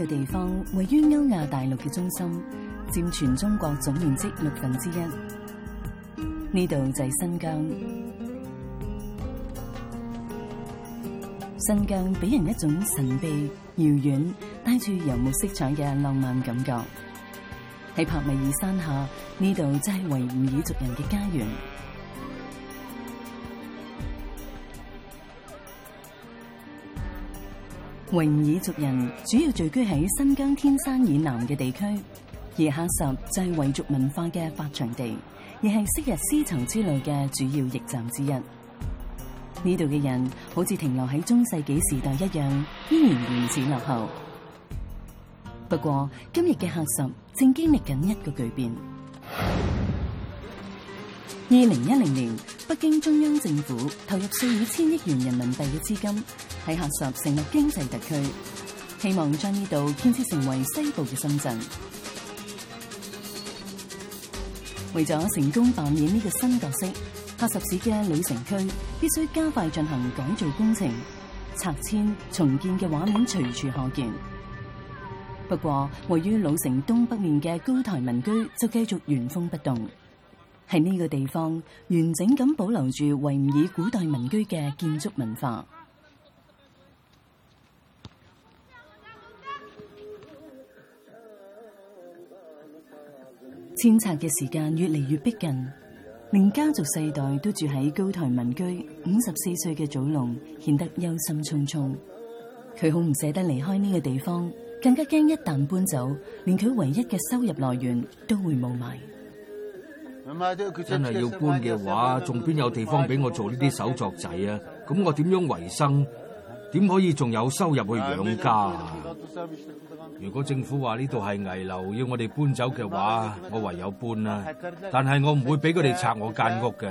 嘅地方位於歐亞大陸嘅中心，佔全中國總面積六分之一。呢度就係新疆。新疆俾人一種神秘、遙遠、帶住游牧色彩嘅浪漫感覺。喺帕米爾山下，呢度真係維吾爾族人嘅家園。維吾爾族人主要聚居喺新疆天山以南嘅地區，而喀什就係維族文化嘅發祥地，亦係昔日絲綢之路嘅主要驛站之一。呢度嘅人好似停留喺中世紀時代一樣，依然原始落後。不過，今日嘅喀什正經歷緊一個巨變。二零一零年，北京中央政府投入數以千億元人民幣嘅資金喺喀什成立經濟特區，希望將呢度建設成為西部嘅深圳。為咗成功扮演呢個新角色，喀什市嘅老城區必須加快進行改造工程，拆遷重建嘅畫面隨處可見。不過，位於老城東北面嘅高台民居就繼續原封不動。喺呢個地方完整咁保留住維吾爾古代民居嘅建築文化。遷拆嘅時間越嚟越逼近，令家族世代都住喺高台民居。五十四歲嘅祖龍顯得憂心忡忡，佢好唔捨得離開呢個地方，更加驚一旦搬走，連佢唯一嘅收入來源都會冇埋。真係要搬嘅話，仲邊有地方俾我做呢啲手作仔啊？咁我點樣維生？點可以仲有收入去養家啊？如果政府話呢度係危樓，要我哋搬走嘅話，我唯有搬啦、啊。但係我唔會俾佢哋拆我間屋嘅。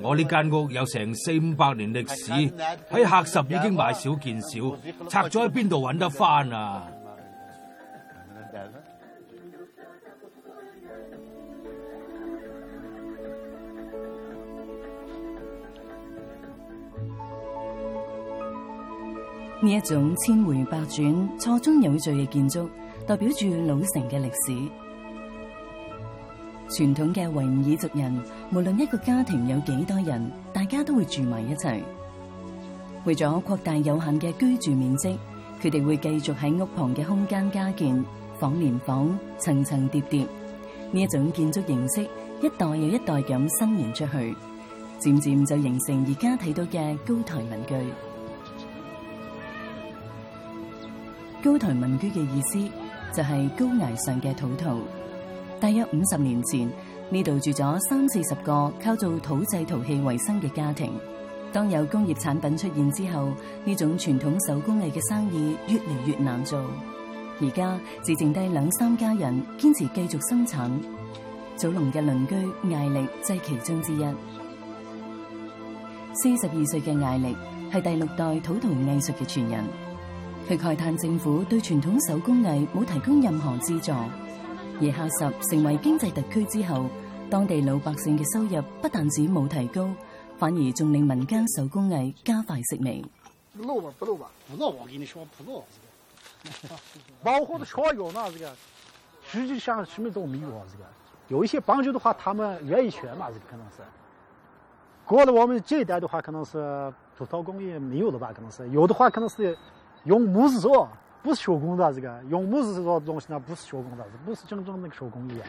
我呢間屋有成四五百年歷史，喺喀什已經買少見少，拆咗喺邊度搵得翻啊？呢一種千迴百轉，錯綜有序嘅建築，代表住老城嘅歷史。傳統嘅維吾爾族人，無論一個家庭有幾多人，大家都會住埋一齊。為咗擴大有限嘅居住面積，佢哋會繼續喺屋旁嘅空間加建房連房，層層疊疊。呢一種建築形式，一代又一代咁伸延出去，漸漸就形成而家睇到嘅高台民居。高台民居嘅意思就係高崖上嘅土陶。大約五十年前，呢度住咗三四十個靠做土製陶器為生嘅家庭。當有工業產品出現之後，呢種傳統手工藝嘅生意越嚟越難做。而家只剩低兩三家人堅持繼續生產。祖龍嘅鄰居艾力就係其中之一。四十二歲嘅艾力係第六代土陶藝術嘅傳人。佢慨嘆政府對傳統手工藝冇提供任何資助，而喀什成為經濟特區之後，當地老百姓嘅收入不但止冇提高，反而仲令民間手工藝加快式微。漏吧不漏吧，不漏，我跟你說不漏。實際上什麼都冇啊。有一些幫助的話，他們願意學嘛，這個可能是。過了我們這一代的話，可能是土陶工業沒有了吧，可能是有的話，可能是。用不是手工的，這個用東西呢？不是手工的，不是講咗那個工嘢。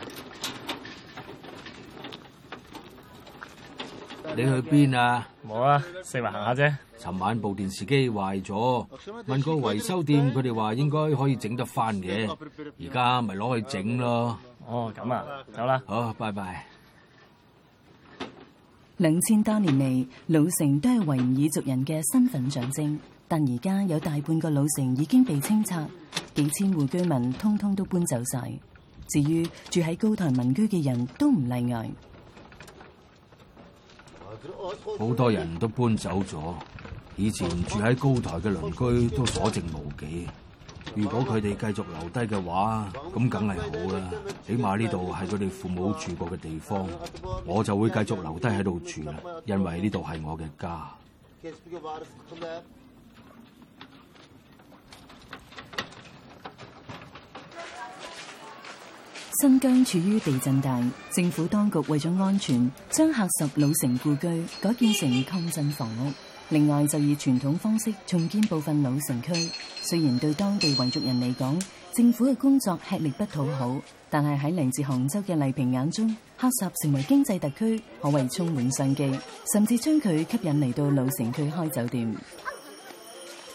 你去邊啊？冇啊，四環行下啫。尋晚部電視機壞咗，問個維修店，佢哋話應該可以整得翻嘅，而家咪攞去整咯。哦，咁啊，走啦，好，拜拜。兩千多年嚟，老城都係維吾爾族人嘅身份象徵。但而家有大半個老城已經被清拆，幾千戶居民通通都搬走晒。至於住喺高台民居嘅人都唔例外，好多人都搬走咗。以前住喺高台嘅鄰居都所剩無幾。如果佢哋繼續留低嘅話，咁梗係好啦。起碼呢度係佢哋父母住過嘅地方，我就會繼續留低喺度住啦，因為呢度係我嘅家。新疆處於地震帶，政府當局為咗安全，將喀什老城故居改建成抗震房屋。另外，就以傳統方式重建部分老城區。雖然對當地維族人嚟講，政府嘅工作吃力不討好，但係喺嚟自杭州嘅麗萍眼中，喀什成為經濟特區，可謂充滿商機，甚至將佢吸引嚟到老城區開酒店。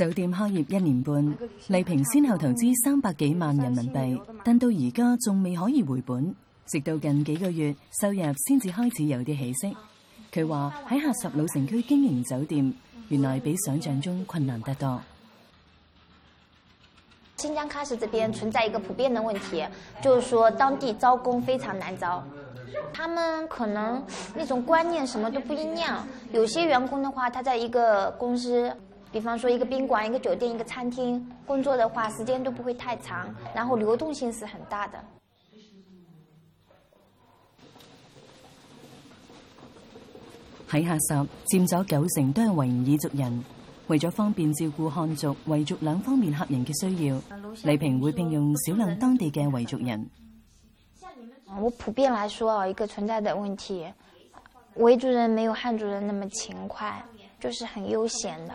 酒店開業一年半，麗萍先後投資三百幾萬人民幣，但到而家仲未可以回本。直到近幾個月，收入先至開始有啲起色。佢話喺喀什老城區經營酒店，原來比想象中困難得多。新疆喀什這邊存在一個普遍的問題，就是說當地招工非常難招，他們可能那種觀念什麼都不一樣。有些員工的話，他在一個公司，比方說，一個賓館、一個酒店、一個餐廳工作的話，時間都不會太長，然後流動性是很大的。喺喀什佔咗九成都係維吾爾族人，為咗方便照顧漢族、維族兩方面客人嘅需要，黎平會聘用少量當地嘅維族人。我普遍來說，一個存在的問題，維族人沒有漢族人那麼勤快，就是很悠閒的。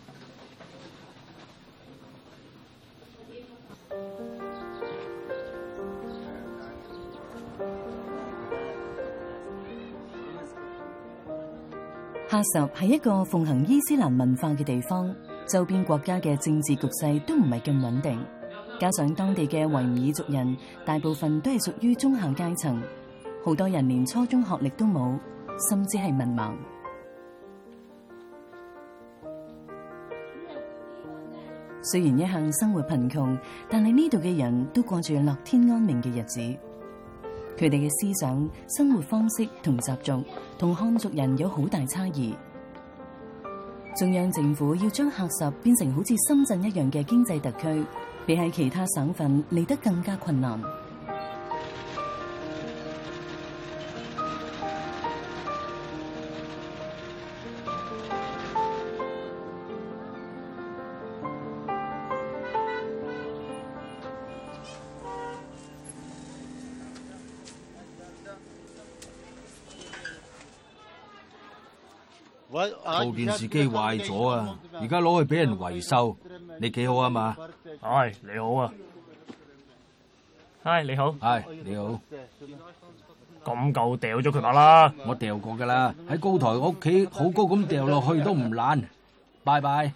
喀什係一個奉行伊斯蘭文化嘅地方，周邊國家嘅政治局勢都唔係咁穩定，加上當地嘅維吾爾族人大部分都係屬於中下階層，好多人連初中學歷都冇，甚至係文盲。雖然一向生活貧窮，但係呢度嘅人都過住樂天安命嘅日子。佢哋嘅思想、生活方式同習俗同漢族人有好大差異，中央政府要將喀什變成好似深圳一樣嘅經濟特區，比起其他省份嚟得更加困難。部電視機壞咗啊！而家攞去俾人維修，你幾好啊嘛？係你好啊，係你好，係你好，咁就掉咗佢啦。我掉過噶啦，喺高台屋企好高咁掉落去都唔爛。拜拜。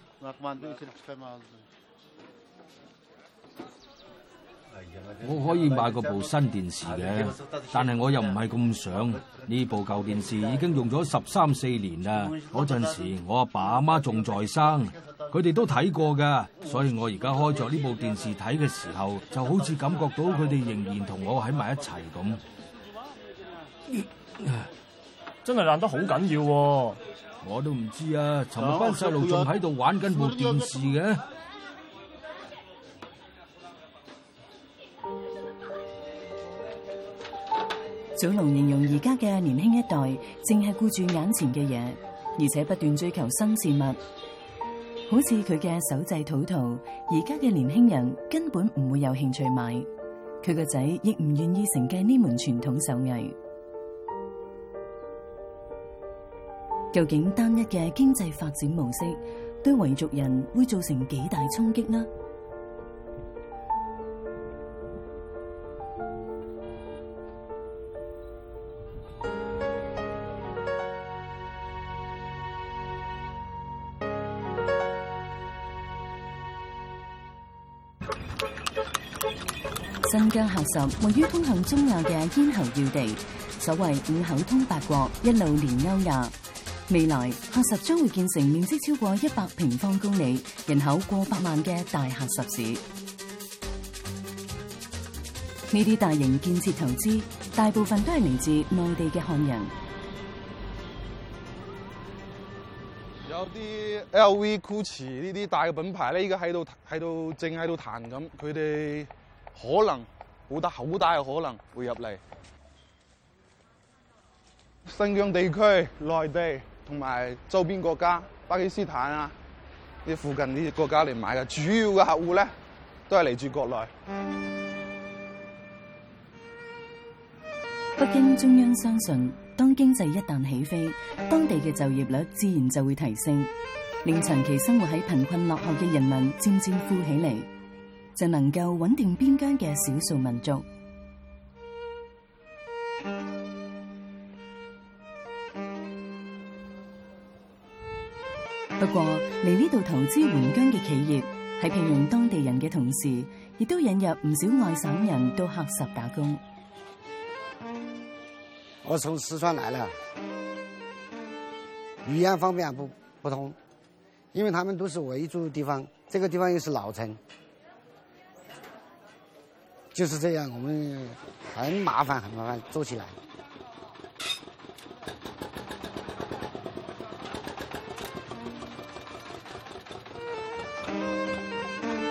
我可以買個部新電視嘅，但係我又唔係咁想。呢部舊電視已經用咗十三四年啦。嗰陣時我阿爸阿媽仲在生，佢哋都睇過噶，所以我而家開咗呢部電視睇嘅時候，就好似感覺到佢哋仍然同我喺埋一齊咁。真係爛得好緊要喎，我都唔知啊！尋日班細路仲喺度玩緊部電視嘅。祖龍形容而家嘅年輕一代，淨係顧住眼前嘅嘢，而且不斷追求新事物。好似佢嘅手製陶土，而家嘅年輕人根本唔會有興趣買，佢個仔亦唔願意承繼呢門傳統手藝。究竟單一嘅經濟發展模式，對維族人會造成幾大衝擊呢？新疆喀什位於通向中亞嘅咽喉要地，所謂五口通八國，一路連歐亞。未來喀什將會建成面積超過一百平方公里、人口過百萬嘅大喀什市。呢啲大型建設投資，大部分都係嚟自內地嘅漢人。啲 LV、GUCCI 呢啲大嘅品牌咧，依家喺度喺度正喺度彈咁，佢哋可能好大好大嘅可能會入嚟。新疆地區、內地同埋周邊國家，巴基斯坦啊，啲附近呢啲國家嚟買嘅主要嘅客戶咧，都係嚟自國內。北京中央相信，當經濟一旦起飛，當地嘅就業率自然就會提升，令長期生活喺貧困落後嘅人民漸漸富起嚟，就能夠穩定邊疆嘅少數民族。不過，嚟呢度投資援疆嘅企業喺聘用當地人嘅同時，亦都引入唔少外省人到喀什打工。我從四川來了，語言方面不不通，因為他們都是維族的地方，這個地方又是老城，就是這樣，我們很麻煩，很麻煩做起來。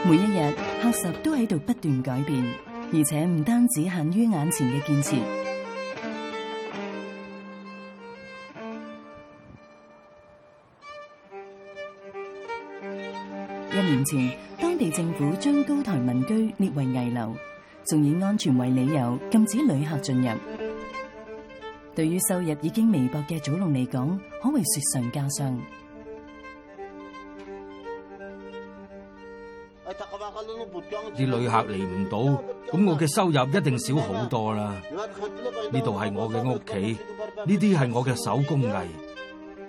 每一日，喀什都喺度不斷改變，而且唔單止限於眼前嘅建設。一年前，當地政府將高台民居列為危樓，仲以安全為理由禁止旅客進入。對於收入已經微薄嘅祖龍嚟講，可謂雪上加霜。啲旅客嚟唔到，咁我嘅收入一定少好多啦。呢度係我嘅屋企，呢啲係我嘅手工藝。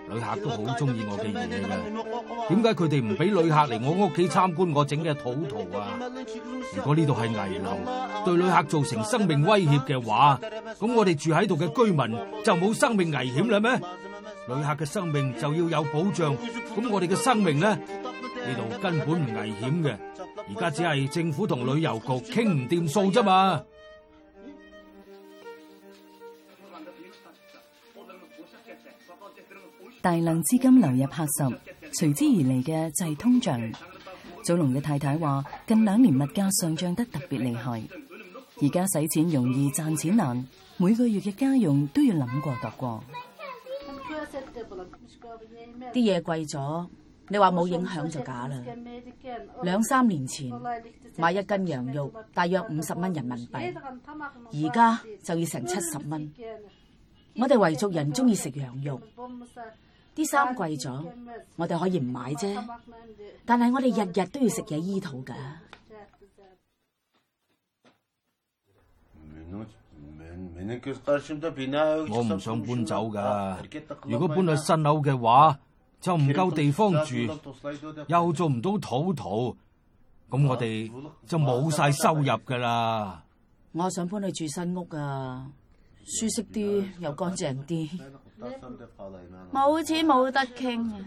旅客都好中意我嘅嘢嘅，點解佢哋唔俾旅客嚟我屋企參觀我整嘅土圖啊？如果呢度係危樓，對旅客造成生命威脅嘅話，咁我哋住喺度嘅居民就冇生命危險啦咩？旅客嘅生命就要有保障，咁我哋嘅生命咧，呢度根本唔危險嘅，而家只係政府同旅遊局傾唔掂數啫嘛。大量資金流入黑市，隨之而嚟嘅就係通脹。祖龍嘅太太話：近兩年物價上漲得特別厲害，而家使錢容易賺錢難，每個月嘅家用都要諗過度過。啲嘢貴咗，你話冇影響就假啦。兩三年前買一斤羊肉大約五十蚊人民幣，而家就要成七十蚊。我哋維族人中意食羊肉。啲衫貴咗，我哋可以唔買啫。但係我哋日日都要食嘢醫肚㗎。我唔想搬走㗎。如果搬去新樓嘅話，就唔夠地方住，又做唔到土陶，咁我哋就冇晒收入㗎啦。我想搬去住新屋啊，舒適啲又乾淨啲。冇錢冇得傾嘅。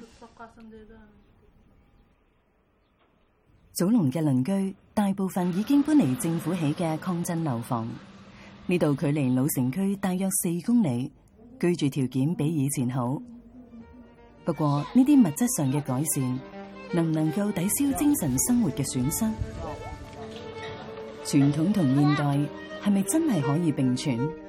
祖龍嘅鄰居大部分已經搬嚟，政府起嘅抗震樓房，呢度距離老城區大約四公里，居住條件比以前好。不過呢啲物質上嘅改善，能唔能夠抵消精神生活嘅損失？傳統同現代係咪真係可以並存？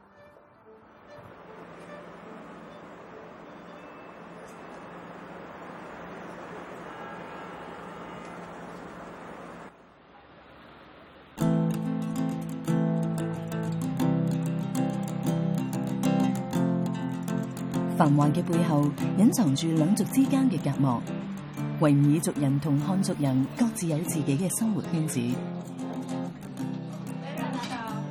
繁華嘅背後隱藏住兩族之間嘅隔膜，維吾爾族人同漢族人各自有自己嘅生活圈子。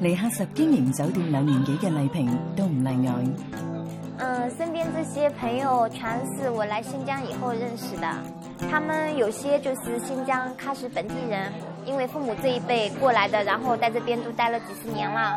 嚟喀什經營酒店兩年幾嘅麗萍都唔例外。嗯，身邊這些朋友全是我來新疆以後認識的，他們有些就是新疆喀什本地人，因為父母這一輩過來的，然後在這邊都待了幾十年啦。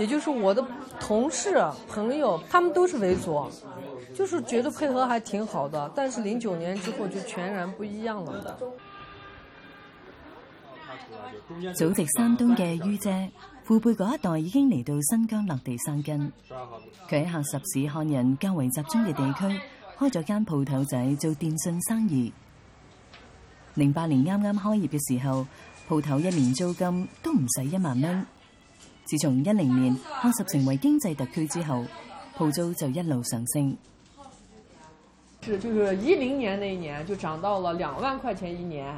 也就是我的同事、朋友，他們都是維族，就是覺得配合還挺好的。但是零九年之後就全然不一樣了。祖籍山東嘅于姐，父輩嗰一代已經嚟到新疆落地生根。佢喺喀什市漢人較為集中嘅地區開咗間鋪頭仔做電信生意。零八年啱啱開業嘅時候，鋪頭一年租金都唔使一萬蚊。自從一零年喀什成為經濟特區之後，鋪租就一路上升。是就是一零年那一年就漲到了兩萬塊錢一年，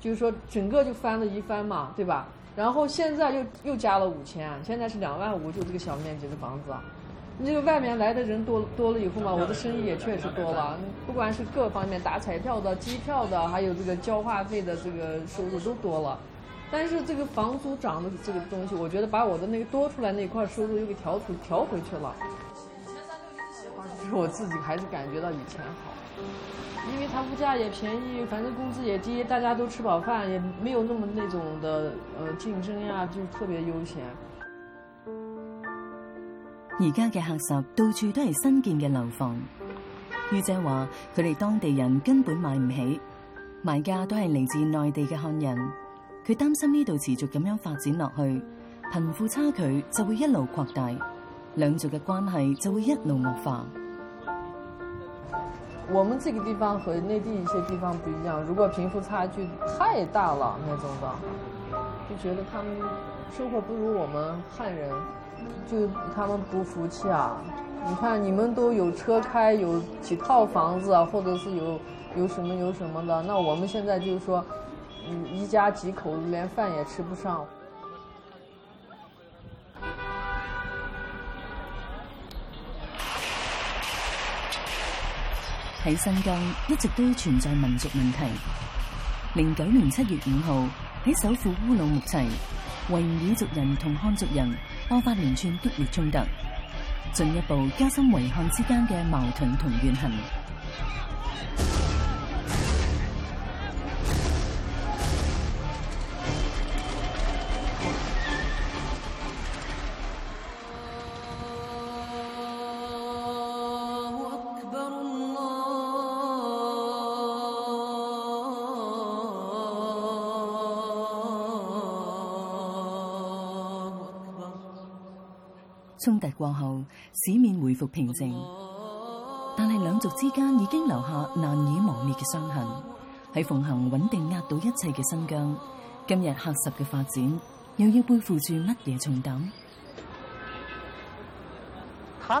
就是說整個就翻了一番嘛，對吧？然後現在又又加了五千，現在是兩萬五，就這個小面積的房子。你這個外面來的人多多了以後嘛，我的生意也確實多了，不管是各方面打彩票的、機票的，還有這個交話費的，這個收入都多了。但是這個房租漲的這個東西，我覺得把我的那個多出來那塊收入又給調出調回去了。其實我自己還是感覺到以前好，因為它物價也便宜，反正工資也低，大家都吃飽飯，也沒有那麼那種的呃競爭呀、啊，就是特別悠閒現在的。而家嘅喀什到處都係新建嘅樓房，漁姐話佢哋當地人根本買唔起，買家都係嚟自內地嘅漢人。佢擔心呢度持續咁樣發展落去，貧富差距就會一路擴大，兩族嘅關係就會一路惡化。我們這個地方和內地一些地方不一樣，如果貧富差距太大了，那種的就覺得他們生活不如我們漢人，就他們不服氣啊！你看你們都有車開，有幾套房子，啊，或者是有有什麼有什麼的，那我們現在就是說。一家幾口連飯也吃不上。喺新疆一直都存在民族問題。零九年七月五號，喺首府烏魯木齊，維吾爾族人同漢族人爆發連串激烈衝突，進一步加深維漢之間嘅矛盾同怨恨。衝突過後，市面回復平靜，但係兩族之間已經留下難以磨滅嘅傷痕。喺奉行穩定壓倒一切嘅新疆，今日喀什嘅發展又要背負住乜嘢重擔？要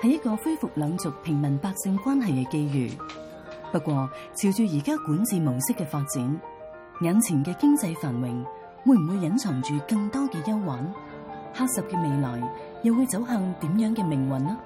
係一個恢復兩族平民百姓關係嘅機遇。不過，朝住而家管治模式嘅發展，眼前嘅經濟繁榮會唔會隱藏住更多嘅憂患？喀什嘅未來又會走向點樣嘅命運呢？